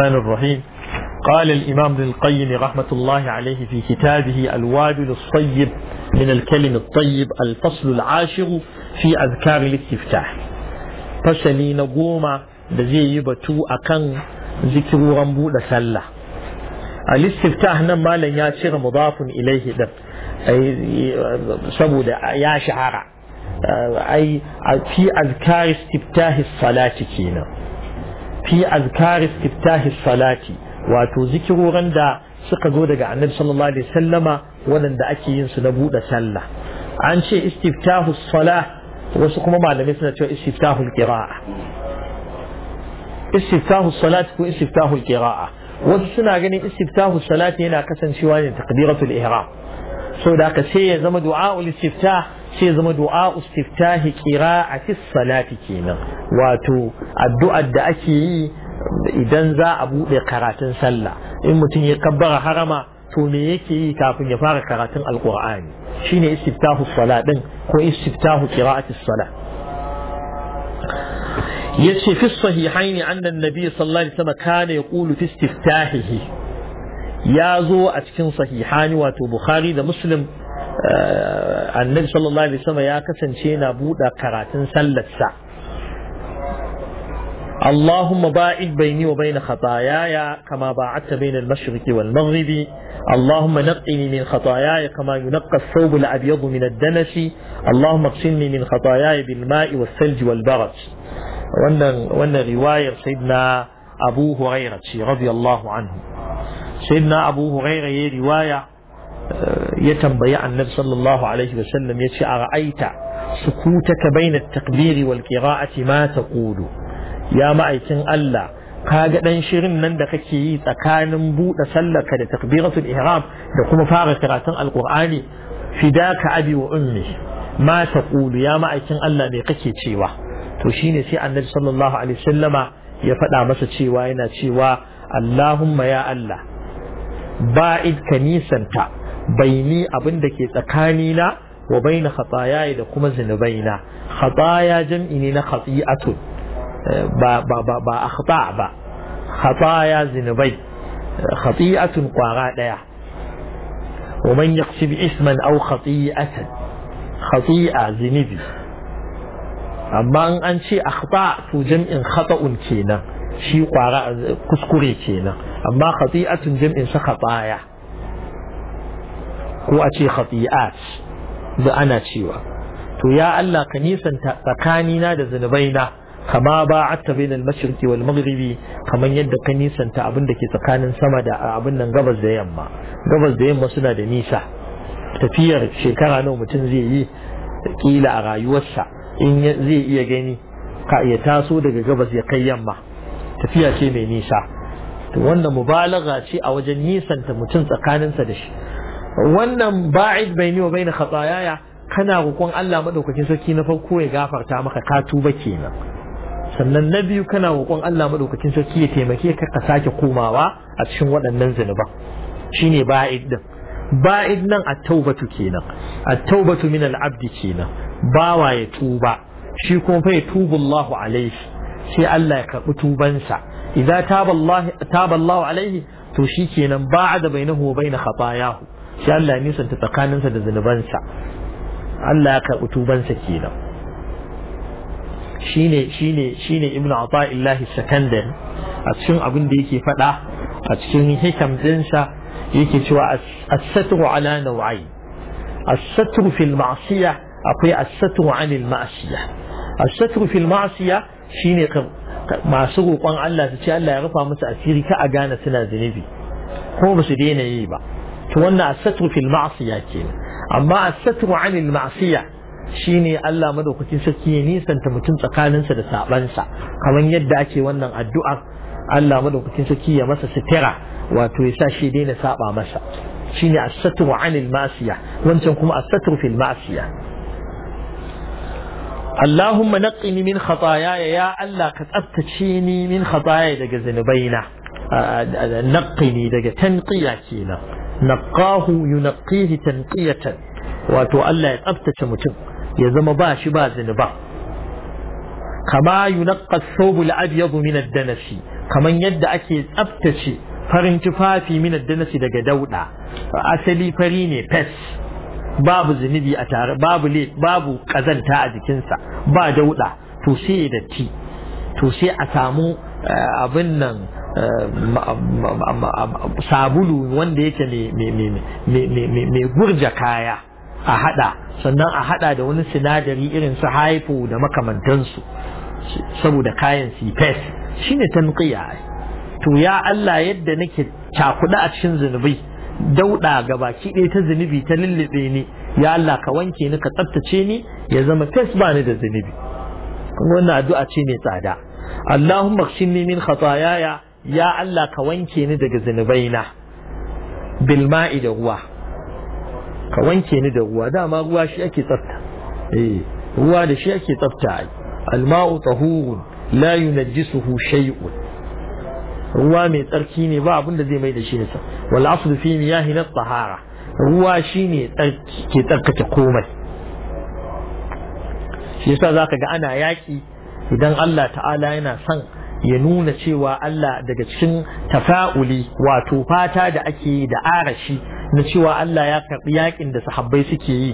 الرحمن الرحيم قال الإمام ابن القيم رحمة الله عليه في كتابه الوابل الصيب من الكلم الطيب الفصل العاشر في أذكار الاستفتاح فشلي نقوم بزي يبتو أكن ذكر رمبو لسلة الاستفتاح نما لن ياشر مضاف إليه دم أي سبود يا شعر أي في أذكار استفتاح الصلاة كينا في أذكار استفتاح الصلاة وتذكر غندا سقى جودة عن النبي صلى الله عليه وسلم ونند أكيين سنبو سلة عن شيء استفتاح الصلاة وسقم ما لم يسنة استفتاح القراءة استفتاح الصلاة هو استفتاح القراءة وسنا غني استفتاح الصلاة هنا كسن شوان تقديرة الإهرام سوداك سيئ زم دعاء الاستفتاح sai zama du'a ustiftahi qira'ati salati kenan wato addu'ar da ake yi idan za a bude karatun sallah in mutum ya kabbara harama to me yake yi kafin ya fara karatun alqur'ani shine istiftahu salat din ko istiftahu qira'ati salat yace fi sahihaini anna annabi sallallahu alaihi wasallam kana yaqulu fi istiftahihi ya zo a cikin sahihani wato bukhari da muslim annabi sallallahu alaihi wasallam ya kasance yana buɗe karatun sallarsa اللهم باعد بيني وبين خطاياي كما باعدت بين المشرق والمغرب اللهم نقني من خطاياي كما ينقى الثوب الابيض من الدنس اللهم اغسلني من خطاياي بالماء والثلج والبرد wannan wannan riwayar sayyidina Abu Hurairah ce radiyallahu anhu sayyidina Abu Hurairah yayi riwaya ya tambayi annabi sallallahu alaihi wasallam ya ce a ra'aita sukutaka baina takbiri wal qira'ati ma taqulu ya ma'aikin Allah kaga dan shirin nan da kake yi tsakanin buɗe sallaka da takbiratul ihram da kuma fara karatun alqur'ani fidaka abi wa ummi ma taqulu ya ma'aikin Allah me kake cewa to shine sai annabi sallallahu alaihi wasallama ya faɗa masa cewa yana cewa Allahumma ya Allah ba'id kanisanta baini abin da ke tsakani na wa baina khataya da kuma zunubaina khataya jam'i ne na khati'atu eh, ba ba ba ba akhta ba khataya zunubai eh, khati'atun kwara daya wa man yaqsib isman aw khati'atan khati'a zunubi amma an ce akhta to jam'in khata'un kenan shi kwara kuskure kenan amma khati'atun jam'in sa khataya ko a ce khati'at da ana cewa to ya Allah ka nisanta tsakanina da zunubaina kama ba ba'atta bainal mashirki wal maghribi kaman yadda ka nisanta abin da ke tsakanin sama da abin nan gabas da yamma gabas da yamma suna da nisa tafiyar shekara nawa mutum zai yi kila a rayuwarsa in zai iya gani ka iya taso daga gabas ya kai yamma tafiya ce mai nisa to wannan mubalaga ce a wajen nisanta mutum tsakaninsa da shi. wannan ba'id baini wa baina khatayaya kana roƙon Allah madaukakin sarki na farko ya gafarta maka ka tuba kenan sannan na biyu kana roƙon Allah madaukakin sarki ya taimake ka ka sake komawa a cikin waɗannan zunuba shine ba'id din ba'id nan at-taubatu kenan at-taubatu min al-abdi kenan bawa ya tuba shi kuma fa ya tubu Allah alaihi sai Allah ya karɓi tubansa idza taba Allah taba Allah alaihi to shikenan ba'ada bainahu wa bain khatayahu shi Allah nisanta tsakaninsa da zunubansa Allah ya karɓi tubansa kenan shine shine shine ibn ata'illah sakandari a cikin abin da yake faɗa a cikin hikam dinsa yake cewa as-satru ala naw'ai as-satru fil ma'siyah akwai as-satru 'anil ma'siyah as-satru fil ma'siyah shine masu roƙon Allah su ce Allah ya rufa musu asiri ka a gane suna zunubi ko ba su daina yi ba to wannan asatru fil ma'siya ke amma asatru anil ma'siya shine Allah madaukakin sarki ya nisanta mutum tsakaninsa da sabansa kamar yadda ake wannan addu'a Allah madaukakin sarki ya masa sitira wato ya sa shi daina saba masa shine as-satru 'anil ma'siya wancan kuma as fil ma'siya Allahumma naqqini min khataaya ya Allah ka tsaftace ni min khataaya daga zanubaina ah, naqqini daga tanqiya kenan naqahu yunqihi tanqiyatan wato Allah ya tsaftace mutum ya zama ba shi ba zinuba kama yunqqa thawb al-abyad min ad-danasi kaman yadda ake tsaftace farin tufafi min ad daga dauda asali fari ne fes babu zinubi a tare babu le babu kazanta a jikinsa ba dauda to sai ya datti to sai a samu abin nan sabulu wanda yake mai gurja kaya a hada sannan a hada da wani sinadari irin su haifu da makamantansu saboda kayan su shine tanqiya to ya Allah yadda nake cakuda a cikin zunubi dauda ga baki ɗaya ta zunubi ta lullube ni ya Allah ka wanke ni ka tsaftace ni ya zama fes bani da zunubi wannan addu'a ce mai tsada Allahumma khshini min khataayaya ya Allah ka wanke ni daga zunubaina bil ma'i da ruwa ka wanke ni da ruwa dama ruwa shi ake tsafta eh ruwa da shi ake tsafta al ma'u tahurun la yunajjisuhu shay'un ruwa mai tsarki ne ba abin da zai mai da shi nisa wal aslu fi miyahi na tsahara ruwa shi tsarki ke tsarkake komai shi yasa zaka ga ana yaki idan Allah ta'ala yana son ya nuna cewa Allah daga cikin tafa'uli wato fata da ake yi da arashi na cewa Allah ya karɓi yakin da sahabbai suke yi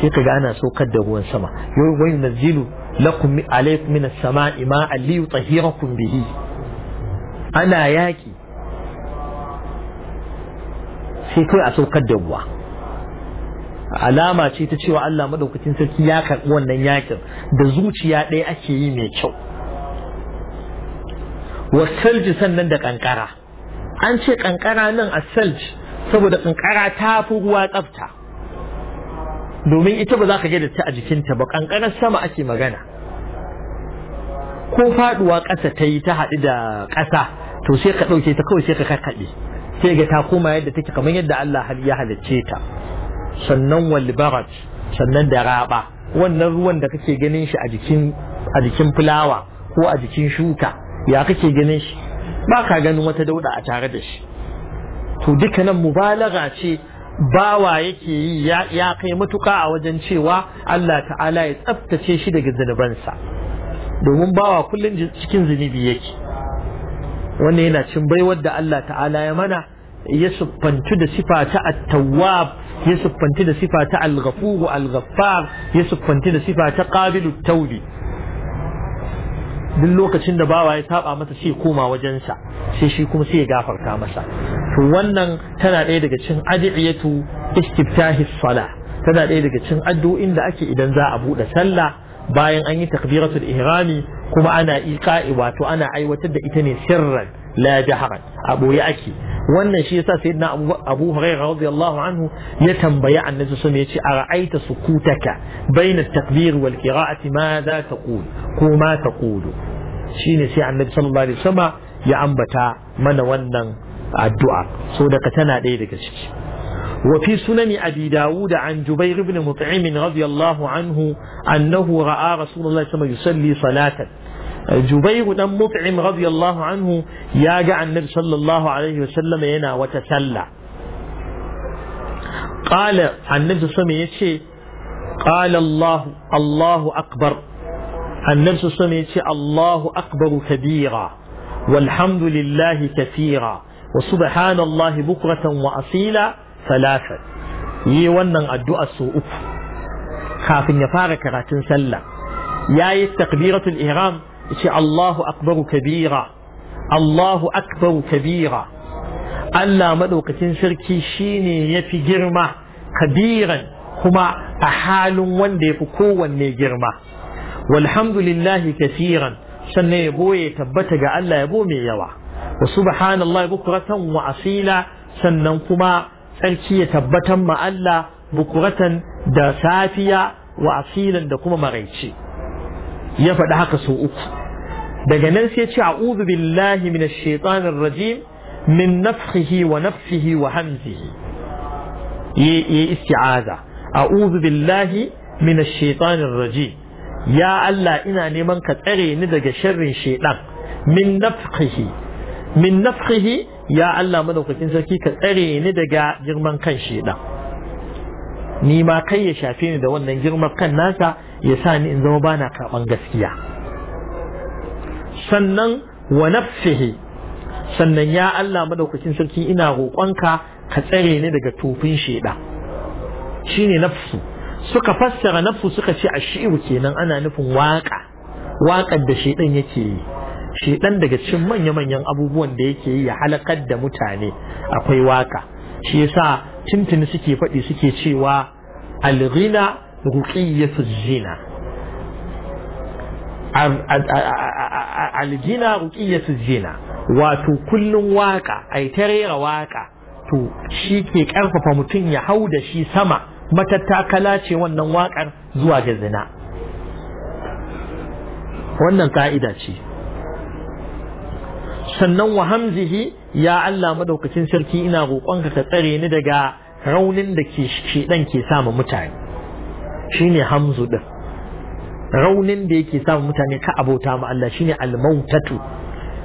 sai kaga ana saukar da ruwan sama yau wani nazilu lakum alaikum minas sama'i ima aliyu tahirakum bihi ana yaki sai kai a saukar da ruwa alama ce ta cewa Allah madaukakin sarki ya karbi wannan yakin da zuciya ɗaya ake yi mai kyau wasalji sannan da kankara an ce kankara nan asalj saboda kankara ta fi ruwa tsafta domin ita ba za ka ga da ta a jikinta ba kankarar sama ake magana ko faduwa ƙasa ta yi ta haɗu da ƙasa to sai ka ɗauke ta kawai sai ka karkaɗe sai ga ta koma yadda take kamar yadda Allah ya halicce ta sannan walibarat sannan da raba wannan ruwan da kake ganin shi a jikin a jikin fulawa ko a jikin shuka ya kake ganin shi ba ka ganin wata dauda a tare da shi to duka nan mubalaga ce bawa yake yi ya kai matuka a wajen cewa Allah ta'ala ya tsaftace shi daga zunubansa domin bawa kullum cikin zunubi yake wannan yana cin baiwar da Allah ta'ala ya mana ya siffantu da sifa ta at-tawwab ya siffantu da sifa ta al-ghafur al-ghaffar ya siffantu da sifa ta qabilut tawbi duk lokacin da bawa ya saba masa sai koma wajensa sai shi kuma sai ya gafarta masa to wannan tana ɗaya daga cikin adiyatu istiftahi sala tana ɗaya daga cikin addu'o'in da ake idan za a buɗe sallah bayan an yi takbiratul ihrami kuma ana iqa'i wato ana aiwatar da ita ne sirran la a boye ake wannan shi yasa sayyidina Abu Hurairah radiyallahu anhu ya tambayi annabi sun ya ce ra'aita sukutaka baina at-takbir wal qira'ati ma za taqul ko ma taqulu shine sai annabi sallallahu alaihi wasallam ya ambata mana wannan addu'a so daga tana ɗaya daga ciki وفي سنن أبي داود عن جبير بن مطعم رضي الله عنه أنه رأى رسول الله صلى الله عليه وسلم يصلي صلاة jubairu dan mut'im radiyallahu anhu ya ga annabi sallallahu alaihi wasallam yana wata sallah qala annabi sallallahu yace qala allah allahu akbar annabi sallallahu yace allahu akbar kabira walhamdulillahi kathira wa subhanallahi bukratan wa asila thalatha yi wannan addu'a su uku kafin ya fara karatun sallah ya yi takbiratul ihram yace Allahu akbaru kabira Allahu akbaru kabira Allah maɗaukacin sarki shine yafi girma kabiran kuma a halin wanda yafi kowanne girma walhamdulillahi kasiran sannan yabo ya tabbata ga Allah yabo mai yawa wa subhanallah bukuratan wa asila sannan kuma tsarki ya tabbatan ma Allah bukuratan da safiya wa asilan da kuma maraice ya faɗi haka sau uku daga nan sai ce a'udhu billahi minash shaitanir rajim min nafsihi wa nafsihi wa hamzihi ya isti'aza a'udhu billahi minash shaitanir rajim ya Allah ina neman ka tsare ni daga sharrin shaitan min nafsihi min nafsihi ya Allah madaukakin sarki ka tsare ni daga girman kan shaitan ni ma kai ya shafe ni da wannan girman kan nasa ya sa ni in zama bana karban gaskiya sannan wa nafsihi sannan ya Allah madaukakin sarki ina roƙonka ka tsare ni daga tufin sheda shine nafsu suka fassara nafsu suka ce ashiru kenan ana nufin waka waƙar da shedan yake yi shedan daga cikin manya-manyan abubuwan da yake yi ya halakar da mutane akwai waka shi yasa tintini suke faɗi suke cewa alghina ruqiyatu zina aljina su zina wato kullun waka ai ta rera waka to shi ke ƙarfafa mutum ya hau da shi sama matattakala ce wannan wakar zuwa ga zina wannan ka'ida ce sannan wa hamzihi ya Allah madaukakin sarki ina roƙonka ka tsare ni daga raunin da ke shedan ke sama mutane shine hamzu din raunin da yake samu mutane ka abota ma Allah shine almautatu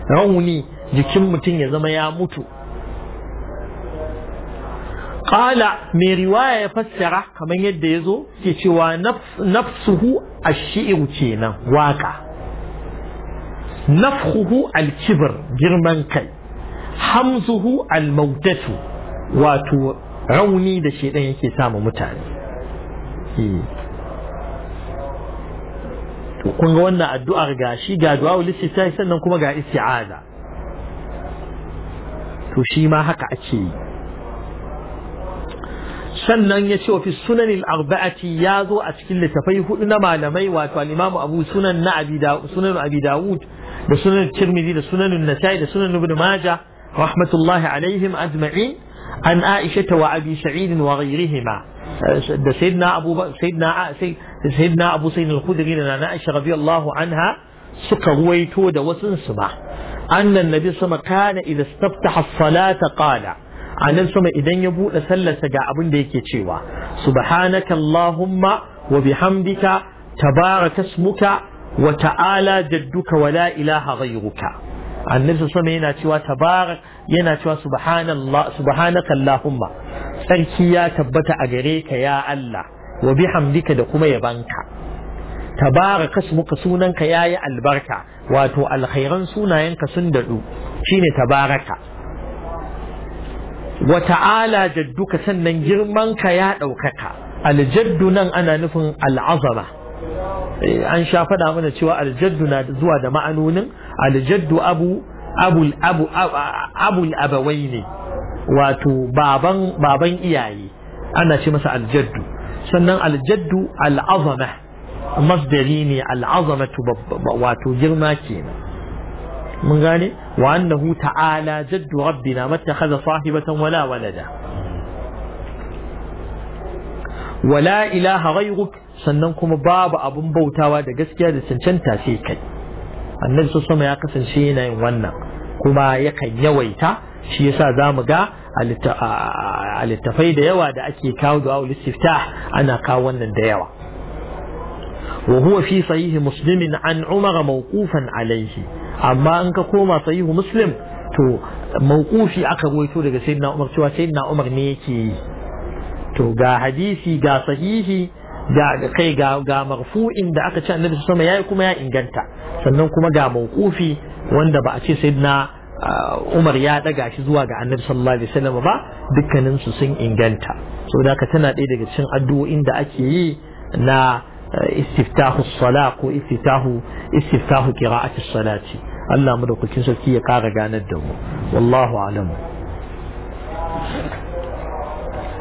rauni jikin mutum ya zama ya mutu qala mai riwaya ya fassara kamar yadda ya zo ke cewa nafsuhu ashi'u kenan waka nafhuhu al-kibr girman kai hamzuhu almautatu wato rauni da shedan yake samu mutane eh. to kun ga wannan addu'ar gashi ga du'a ulistifta sannan kuma ga isti'aza to shi ma haka ake yi sannan ya ce wa fi sunanil arba'ati ya zo a cikin littafai hudu na malamai wato al-imamu abu sunan na abi sunan abi dawud da sunan tirmidhi da sunan nasai da sunan ibn majah rahmatullahi alaihim ajma'in an aisha wa abi sa'id wa ghayrihima da sayyidina abu abu sa'id al na aisha radiyallahu anha suka ruwaito da wasun su ba annan nabi sama kana idza istaftaha as-salata qala anan sama idan ya bude sallarsa ga abin da yake cewa subhanaka allahumma wa bihamdika tabaraka kasmuka wa ta'ala jadduka wa la ilaha ghayruka annabi sama yana cewa tabarak yana cewa subhanallah subhanaka allahumma sarki ya tabbata a gare ka ya Allah wa bihamdika da kuma yabanka tabaraka smuka sunanka yayi albarka wato alkhairan sunayenka sun dadu shine tabaraka wa ta'ala jadduka sannan girmanka ya daukaka aljaddu nan ana nufin al'azama an sha faɗa mana cewa aljaddu na zuwa da ma'anonin aljaddu abu abul abu abul abawai ne wato baban baban iyaye ana ce masa aljaddu sannan aljaddu al'azama masdari ne al'azamatu wato girma kenan mun gane wa annahu ta'ala jaddu rabbina mattakhadha sahibatan wala walada wala ilaha ghayruk sannan kuma babu abin bautawa da gaskiya da cancanta sai kai annabi sama ya kasance yana yin wannan kuma yakan yawaita shi yasa za mu ga a da yawa da ake kawo da awul istiftah ana kawo wannan da yawa wa huwa fi sahihi muslim an umara mawqufan alayhi. amma in ka koma sahihu muslim to mawqufi aka ruwaito daga sayyidina umar cewa sayyidina umar ne yake to ga hadisi ga sahihi da kai ga ga marfu'in da aka ce annabi sama yayi kuma ya inganta sannan kuma ga mawqufi wanda ba a ce sayyidina ah, Umar ya daga shi zuwa ga Annabi sallallahu alaihi wasallam ba dukkanin su sun inganta saboda haka tana ɗaya daga cikin addu'o'in da ake yi na eh, istiftahu sala ko istiftahu istiftahu qira'ati salati Allah mu da kukin sarki ya kara ganar da mu wallahu alamu